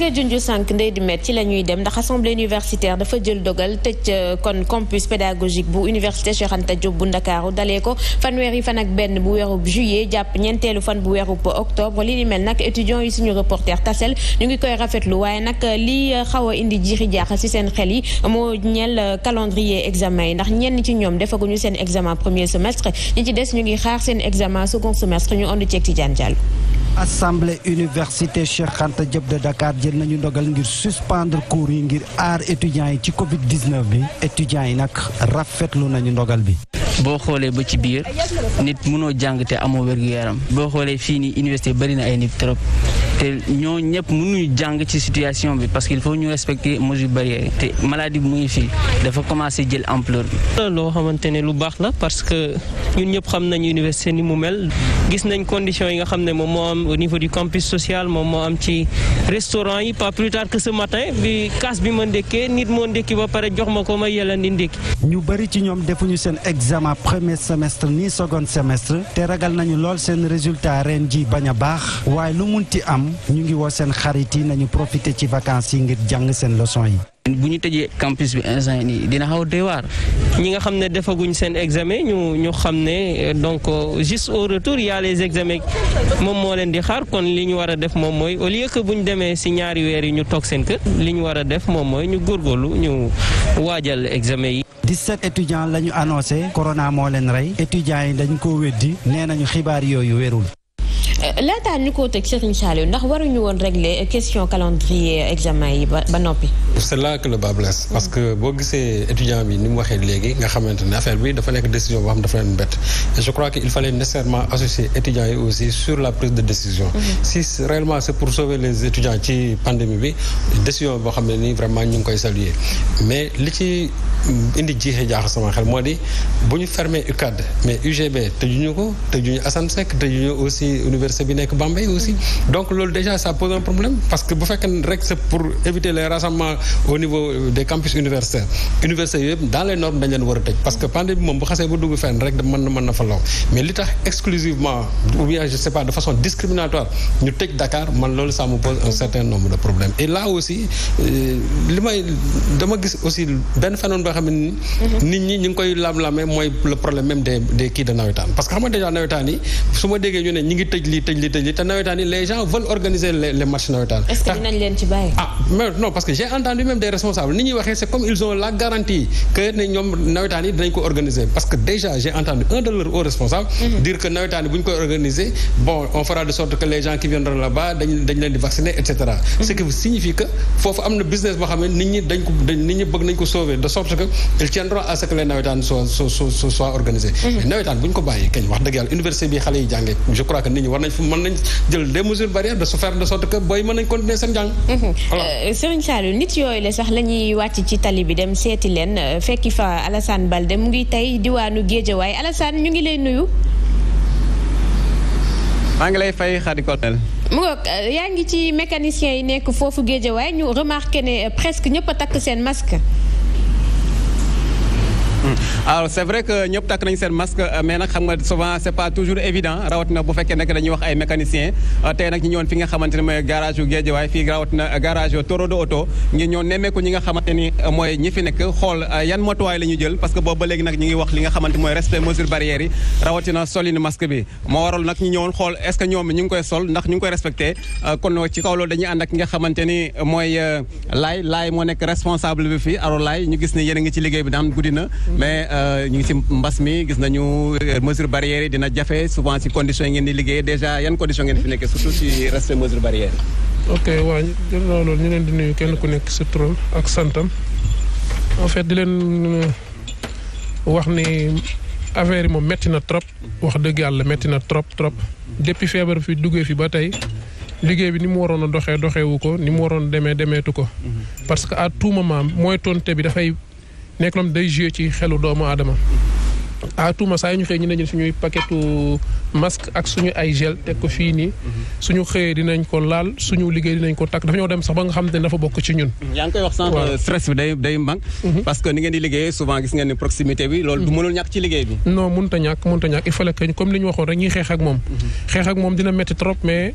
nga junju sànq ndey di met ci la ñuy dem ndax assemblée universitaire dafa jël dogal tëj euh, kon campus pédagogique bu université Cheikh Anta Diop bu Ndakaaru dalee ko yi fan ak benn bu weerub juillet jàpp ñeenteelu fan bu weerub octobre li ni mel nag étudiants yi suñu reporter tasel ñu ngi koy rafetlu waaye nag euh, li euh, xaw a indi jiixi jaaxal ci seen xel yi moo ñeel calendrier examen yi ndax ñenn ci ñoom defaguñu seen examen premier semestre ñi ci des ñu ngi xaar seen examen second semestre ñu ond ceeg ci jaan assemblée université Cheikh Anta Diop de Dakar jël nañu ndogal ngir suspendre cours yi ngir aar étudiants yi ci Covid 19 bi étudiants yi nag rafetlu nañu ndogal bi. boo xoolee ba ci biir nit mënoo jàng te amoo wér yaram boo xoolee fii ni université bari na ay nit trop te ñoo ñëpp mënuñu jàng ci situation bi parce que il faut ñu respecter mesures barrières te maladie bi mu ngi fii dafa commencé jël empleur bi. loo xamante ne lu baax la parce que ñun ñëpp xam nañu université ni mu mel. gis nañ condition yi nga xam ne moom moo am au niveau du campus social moom moo am ci restaurant yi pas plus tard que matin bi kaas bi ma ndékkee nit moo ndékki ba pare jox ma ko ma yelandi ndékki ñu bëri ci ñoom defuñu seen examen premier semestre ni second semestre te ragal nañu lool seen résultat ren ji bañ a baax waaye lu munti am ñu ngi woo seen xarit yi nañu profité ci vacances yi ngir jàng seen leçon yi bu ñu tëjee campus bi instant nii dina xaw a doy waar ñi nga xam ne defaguñ seen examen ñu ñu xam ne euh, donc euh, juste au retour y les examens moom moo leen di xaar kon li ñu war a def moom mooy au lieu que bu ñu demee si ñaari weer yi ñu toog seen kër li ñu war a def moom mooy ñu góorgóorlu ñu waajal examen yi. 17 étudiants la ñu annoncé corona moo leen rey étudiants yi dañ ko weddi nee nañu xibaar yooyu wérul. laataan ñu ko teg Serigne Saliou ndax waruñu woon régler question calendrier examen yi ba noppi. c'est là que le bas parce que boo gisee étudiant bi ni mu waxee léegi nga xamante ne affaire bi dafa nekk décision boo xam dafa leen bett je crois que il fallait nécessairement associer étudiants yi aussi sur la prise de décision. Mm-hmm. si réellement c'est pour sauver les étudiants ci pandémie bi décision boo xam ne nii vraiment ñu ngi koy saluer mais indi jiixi jaaxu sama xel moo di bu ñu fermé UCAD mais UGB tëjuñu ko tëjuñu Assane Seck tëjuñu aussi université bi nekk Bambey aussi donc loolu déjà ça pose un problème parce que bu fekkee rek c'est pour éviter les rassemblements au niveau des campus universitaires université yëpp dans les normes dañ leen war a tëj parce que pandémie bi moom bu xasee ba dugg fenn rek mën na mën na fa law mais li tax exclusivement ou bien je pas de façon discriminatoire ñu xam mhm. nit ñi ñu ngi koy lam-lamee mooy le problème même des kii de nawetaan parce que xam déjà nawetaan yi su ma déggee ñu ne ñi ngi tëj lii tëj lii te nawetaan yi les gens veulent organiser les les ah, nawetaan. yi parce que déjà j'ai entendu un de leurs hauts responsables. Mhm. dire que nawetaan yi bu ñu koy organiser bon on fera de sorte que les gens qui viendront là-bas dañ dañ leen di vacciner et mhm. ce qui signifie foofu am na business boo xam nit ñi dañ ko que il tiendra à ce que les nawetaan soient soient soient organisés. Mhm. mais nawetaan bu ñu ko bàyyi kañ wax dëgg yàlla université bi xale yi jàngee je crois nit ñi mën nañ jël des mesures barrières de se faire de sorte que booy mën nañ continuer seen jàng. Mhm. voilà euh, Serigne Saliou nit yooyu la sax la wàcc ci tali bi dem seeti leen euh, fekki fa Alassane Balde mu ngi tey diwaanu Géejawaay Alassane ñu ngi lay nuyu. maa ngi lay fay xaadi colonel mu nga euh, yaa ngi ci mécanicien yi nekk foofu géejawaay ñu remarqué ne presque ñëpp takk seen masque Mm. alors c' est vrai que ñëpp takk nañ seen masque euh, mais nag xam nga souvent c' pas toujours évident rawatina bu fekkee nekk dañuy wax ay mécanicien euh, tey nag ñu fi nga xamante euh, mooy ñi fi nekk xool yan matuwaay la ñu jël parce que boobu ba léegi nag ñu ngi wax li nga xamante mooy respect mesure barrières yi rawatina solin masque bi moo laay laay moo nekk responsable bi fii alors laay ñu gis ne yéen a ngi ci liggéey bi daan guddi na mais euh, ñu ngi ci mbas mi gis nañu euh, mesure barrière dina jafe souvent si condition yi ngeen di liggéey déjà yan condition ngeen fi nekkee surtout si respect mesure barrière yi. di nuyu kenn ku nekk si turam ak santam en fait di leen euh, wax ni affaire yi moom métti na trop wax dëgg yàlla métti na trop trop depuis feebar fi duggee fi ba tey. liggéey bi ni mu waroon a doxee doxewu ko ni mu waroon demee demeetu ko mhm. parce que a tout moment mooy tonte bi dafay nekk loom day joué ci xelu doomu aadama à tout moment saa yi ñu xëy ñu ne ñun suñuy paquetu masque ak suñu ay gel teg ko fii nii. suñu xëyee dinañ ko laal suñu liggéey dinañ ko takk dafa ñoo dem sax ba nga xam ne dafa bokk ci ñun. yaa ngi koy wax sànq stress bi day day manque. Mhm. parce que ni ngeen di liggéeyee souvent gis ngeen ni proximité bi. loolu du mhm. mënul ñàkk ci liggéey bi. non mënut a ñàkk mënut a ñàkk il fallait que comme li ñu waxoon rek ñuy xeex ak moom. Mhm. xeex ak moom dina métti trop mais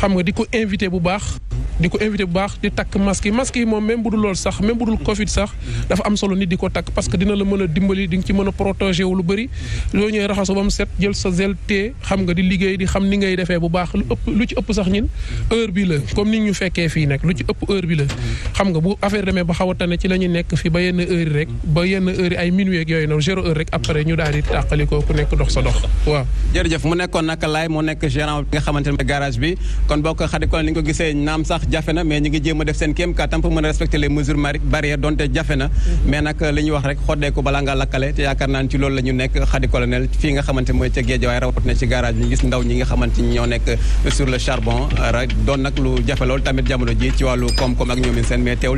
xam nga di ko invité bu baax di ko invité bu baax di takk masque yi masque yi moom même bu dul lool sax même bu dul Covid sax dafa am solo nit di ko takk parce que dina la mën a dimbali di ci mën a protéger wu lu bëri loo ñëwee raxasu ba mu set jël sa zel tee xam nga di liggéey di xam ni ngay defee bu baax lu ëpp lu ci ëpp sax ñin heure bi la comme ni ñu fekkee fii nag lu ci ëpp heure bi la xam nga bu affaire demee ba xaw a tane ci la ñu nekk fii ba yenn heure yi rek ba yenn heure yi ay minuit ak yooyu ñu daal di tàqalikoo ku nekk dox sa dox waaw jërëjëf mu nekkoon laay moo nekk gérant bi nga xamante ne garage bi kon boo ko gisee naam sax jafe na mais ñu ngi jéem a def seen kéem kàttan pour mën a respecter les mesures barrières donte jafe na mais nag li ñuy wax rek xoddeeku balaa ngaa lakkale te yaakaar naa ci loolu la nekk xadi colonel fii nga xamante mooy ca géej rawat na ci garage ñi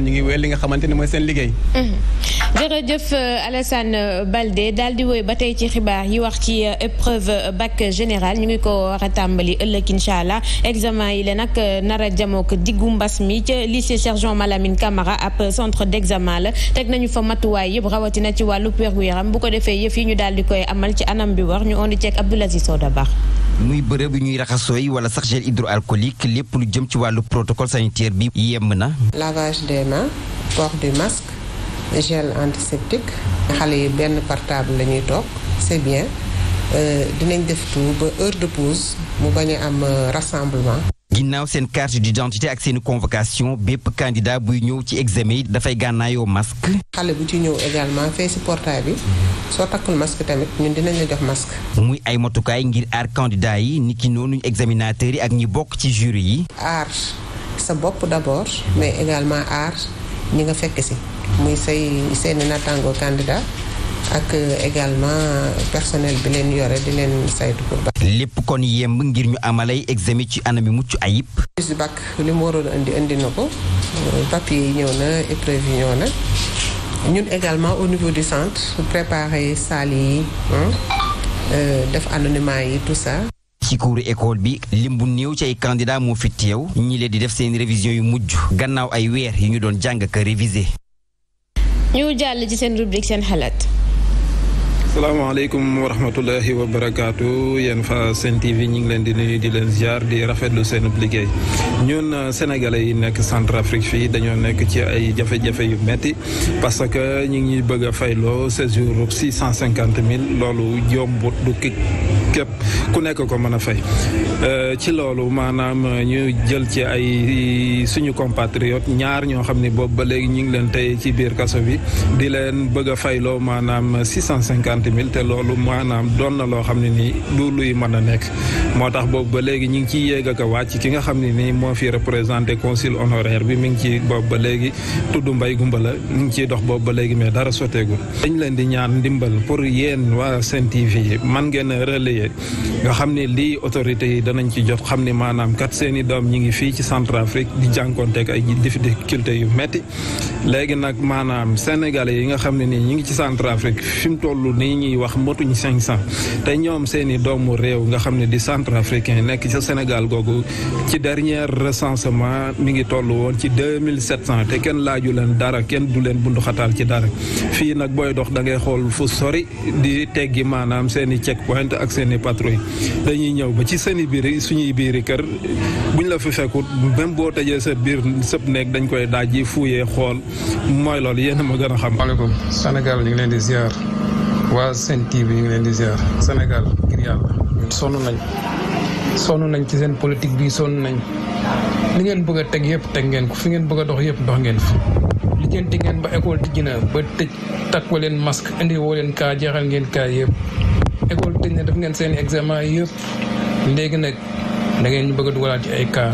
ngi wéel mooy seen liggéey mmh. jërëjëf euh, Alassane euh, Baldé daal di woy ba tey ci xibaar yi wax ci euh, épreuve bac général ñu ngi ko war a tàmbali ëllëg incha allah examen yi la nag nar a jamook diggu bu mbas mi ca lycée sergent Malamine Camara ab centre d'examen la teg nañu fa matuwaay yëpp rawatina ci wàllu wér-gu-yaram bu ko defee yëf yi ñu daal di koy amal ci anam bi war ñu ondi ceeg Abdoul Aziz Soda Ba muy bërëb yu ñuy raxasooy wala sax gel hydroalcoolique lépp lu jëm ci wàllu protocole sanitaire bi yemm na. lavage de na port du masque gel antiseptique xale yi benn portable la ñuy toog c'est bien euh, dinañ def tout ba heure de pause mu bañ am euh, rassemblement. ginnaaw seen carte d'identité ak seeni convocation bépp candidat buy ñëw ci examen yi dafay gànnaayoo masque. xale bu ci ñëw également fee si portail bi soo takkul masque tamit ñun dinañ jox masque. muy ay motukaay ngir aar candidat yi ni ki noonu examinateurs yi ak ñi bokk ci jury yi. aar sa bopp d'abord mais également aar ñi nga fekk si muy say seen naataango candidat. ak euh, également personnel bi leen yore di leen saytu pour bac. lépp kon yemb ngir ñu amalay examen ci anam yu mucc ayib. su bac li mu waroon indi indi na ko euh, papier yi ñëw na épreuve yi ñëw na ñun également au niveau du centre préparer salle yi euh, def anonymat yi tout ci kuuru école bi lim bu néew ci ay candidat moo fi teew ñi leen di def seen révision yu mujj gannaaw ay weer yu ñu doon jàng ka réviser. ñu jàll ci seen rubrique seen xalaat. salaamaaleykum wa rahmatullahi wa barakaatu yéen fa Sen TV ñu ngi leen di nuyu di leen ziar di rafetlu seen liggéey ñun euh, sénégalais yi nekk Centrafrique fii dañoo nekk ci ay jafe-jafe yu metti parce que ñu ngi bëgg a fayloo séjour six cent cinquante mille loolu yombut du képp ku nekk ko mën a fay. Euh, ci loolu maanaam ñu jël ci ay suñu compatriotes ñaar ñoo xam ne boobu ba léegi ñu ngi leen tey ci biir kaso bi di leen bëgg a fayloo maanaam six cinquante cinquante mille te loolu maanaam doon na loo xam ne nii lu luy mën a nekk moo tax boobu ba léegi ñu ngi ciy yéeg ak a wàcc ki nga xam ne nii moo fi représenté consul honoraire bi mu ngi ci boobu ba léegi tudd mbay gumba la mu ngi ciy dox boobu ba léegi mais dara soteegul dañ leen di ñaan ndimbal pour yéen waa Sen TV man ngeen a relayer nga xam ne lii autorités yi danañ ci jot xam ne maanaam kat seen i doom ngi fii ci Centrafrique di jànkonteeg ay difficultés yu metti léegi nag maanaam sénégalais yi nga xam ne nii ñi ngi ci Centrafrique fi mu toll nii yi ñuy wax motuñ cinq cent te ñoom seen i doomu réew nga xam ne di centre centrafricain nekk ca Sénégal googu ci dernier recensement mi ngi toll woon ci deux mille sept cent te kenn laaju leen dara kenn du leen bundu ci dara fii nag booy dox da ngay xool fu sori di teggi maanaam seen i check point ak seen i patrouille dañuy ñëw ba ci seen i biir suñuy biiri kër buñ la fi fekkut même boo tëjee sa biir sëb nekk dañ koy daaj yi fuuyee xool mooy loolu yéen a ma gën a xam. maaleykum Sénégal ñu ngi leen waa Sen TV ñu ngi leen di ziar Sénégal ngir yàlla sonn nañ sonn nañ ci seen politique bi sonn nañ li ngeen bëgg a teg yëpp teg ngeen ko fi ngeen bëgg a dox yëpp dox ngeen fi lijjanti ngeen ba école tijji na ba tëj takk wa leen masque indi woo leen kaa jeexal ngeen kaa yëpp école tëj na def ngeen seen examen yëpp léegi nag da ngeen ñu bëgg a dugalaat ci ay cas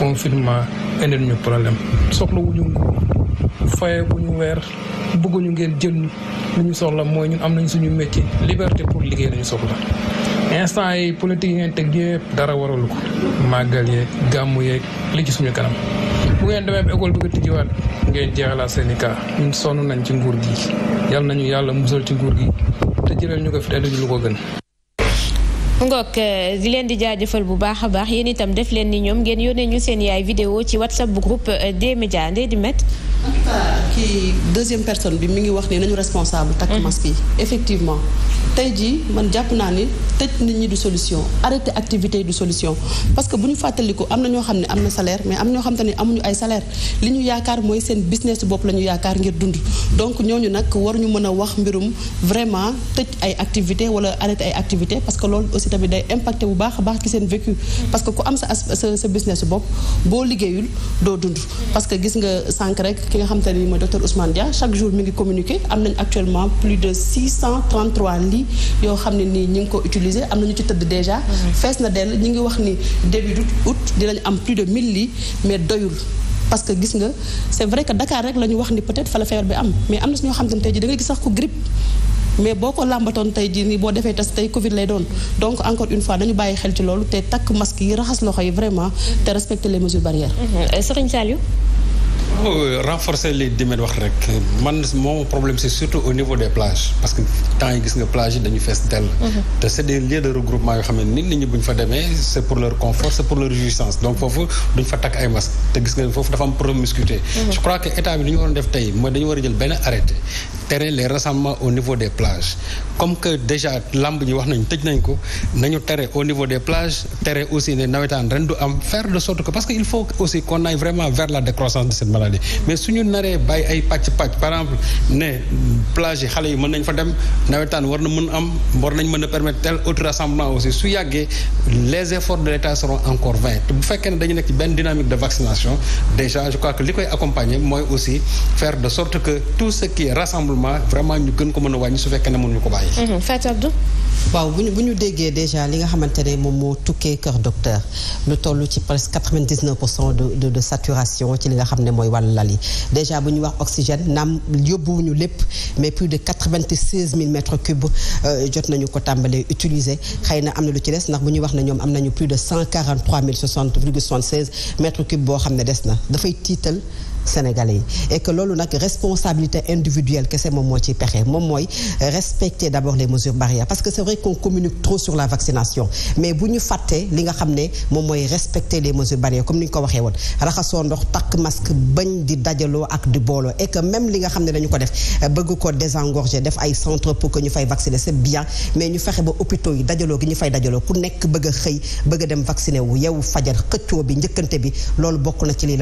confinement indil ñu problème soxla wuñu faye bu ñu weer bëgguñu ngeen jël lu ñu soxla mooy ñun am nañ suñu métier liberté pour liggéey lañu soxla instant yi politique yi ngeen teg yëpp dara waralu ko màggal yeeg gàmmu yeeg li ci suñu kanam bu ngeen demee ba école bëgg a tijjiwaat ngeen jeexalaat seen i cas ñun sonn nañ ci nguur gi yal nañu yàlla musal ci nguur gi te jëlal ñu ko fi te duñu lu ko gën Ngok eh, di leen di jaajëfal bu baax a baax yéen itam def leen ni ñoom ngeen yónnee ñu seen yaay vidéo ci whatsapp bu groupe eh, des médias ndey di met kii deuxième personne bi mi ngi wax ne nañu responsable takk mhm. masque yi effectivement tey jii man jàpp naa ni tëj nit ñi du solution arrêté activité yi du solution parce que bu ñu fàttaliku am na ñoo xam ne am na salaire mais am ñoo xam te ne amuñu ay salaire li ñu yaakaar mooy seen business bopp la ñu yaakaar ngir dund donc ñooñu nag waruñu mën a wax mbirum vraiment tëj ay activité wala arrêté ay activité parce que loolu aussi tamit day impacté bu baax a baax ci seen vécu mhm. parce que ku am sa sa sa boo liggéeyul xam te ni mooy docteur Ousmane Dia chaque jour mi ngi communiqué am nañ actuellement plus de 633 lits yoo xam ne nii ñi ngi ko utiliser am na ñu ci tëdd déjà. Mhm. fees na dell ñi ngi wax ni début août dinañ am plus de 1000 lits mais doyul. parce que gis nga c'est vrai que Dakar rek la wax ni peut-être fa la feebar bi am mais am na suñoo xam ne tey jii da ngay gis sax ku grippe mais boo ko làmbatoon tey jii nii boo defee test tey Covid lay doon donc encore une fois dañu Euh, renforcer les dimet wax rek man moom problème c'est surtout au niveau des plages parce que temps yi gis nga plage yi dañu fees dell mhm. te c'est des lieux de regroupement yoo xam nit ñi bu fa demee c'est pour leur confort c'est pour leur jouissance donc foofu duñ fa takk ay masque te gis nga foofu dafa am promiscuité mhm. je crois que état bi li waroon def tey mooy dañu war a jël benn arrêté tere les rassemblements au niveau des plages comme que déjà lamb ñi wax nañ tëj nañ ko nañu tere au niveau des plages tere aussi ne nawetaan ren du am faire de sorte que parce que il faut aussi qu'on aille vraiment vers la décroissance de cette maladie mais suñu naree bàyyi ay pàcc pàcc par exemple ne plage yi xale yi mën nañ fa dem nawetaan war na mën am war nañ mën a permettre tel autre rassemblement aussi su yàggee les efforts de l'État seront encore dañu nekk ci benn dynamique de vaccination déjà je li koy accompagner mooy aussi faire de sorte isolement vraiment ñu gën ko mën a wàññi su fekkee ne mënuñu ko bàyyi. Mhm. Fatou Abdou. waaw bu ñu déggee déjà li nga xamante ne moom moo tukkee kër docteur lu toll ci presque quatre-vingt-dix-neuf de saturation ci li nga xam ne mooy wàllu lal yi déjà bu ñu wax oxygène naam yóbbuwuñu lépp mais plus de quatre-vingt-seize mille euh, jot nañu ko tàmbalee utiliser xay na am na lu ci des ndax bu ñu wax na ñoom am nañu plus de cent quarante mille soixante virgule soixante-seize boo xam ne des na dafay tiital. sénégalais yi et que loolu nag responsabilité individuelle kese moom moo ci pexe moom mooy respecter d'abord les mesures barrières parce que c'est vrai qu'on communique trop sur la vaccination mais bu ñu fàttee li nga xam ne moom mooy respecter les mesures barrières comme ni ñu ko waxee woon raxasoo ndox takk masque bañ di dajaloo ak di booloo et que li nga xam ne dañu ko def bëgg ko désengorger def ay centre pour que ñu fay vacciner c'est bien mais ñu fexe ba hôpitaux yi dajaloo gi ñu fay dajaloo ku nekk bëgg a xëy bëgg a dem vacciner wu yow fajar xëccoo bi bi loolu bokk na ci liy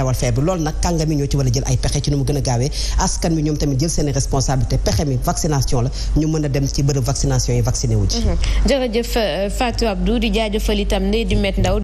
ci jël ay pexe ci nu mu gën a gaawee askan wi ñoom tamit jël seen responsabilité pexe mi vaccination la ñu mën a dem ci bërëb vaccination yi vacciné wu ji mhm. jërëjëf euh, Fatou Abdou di jaajëfal itam ne di met ndaw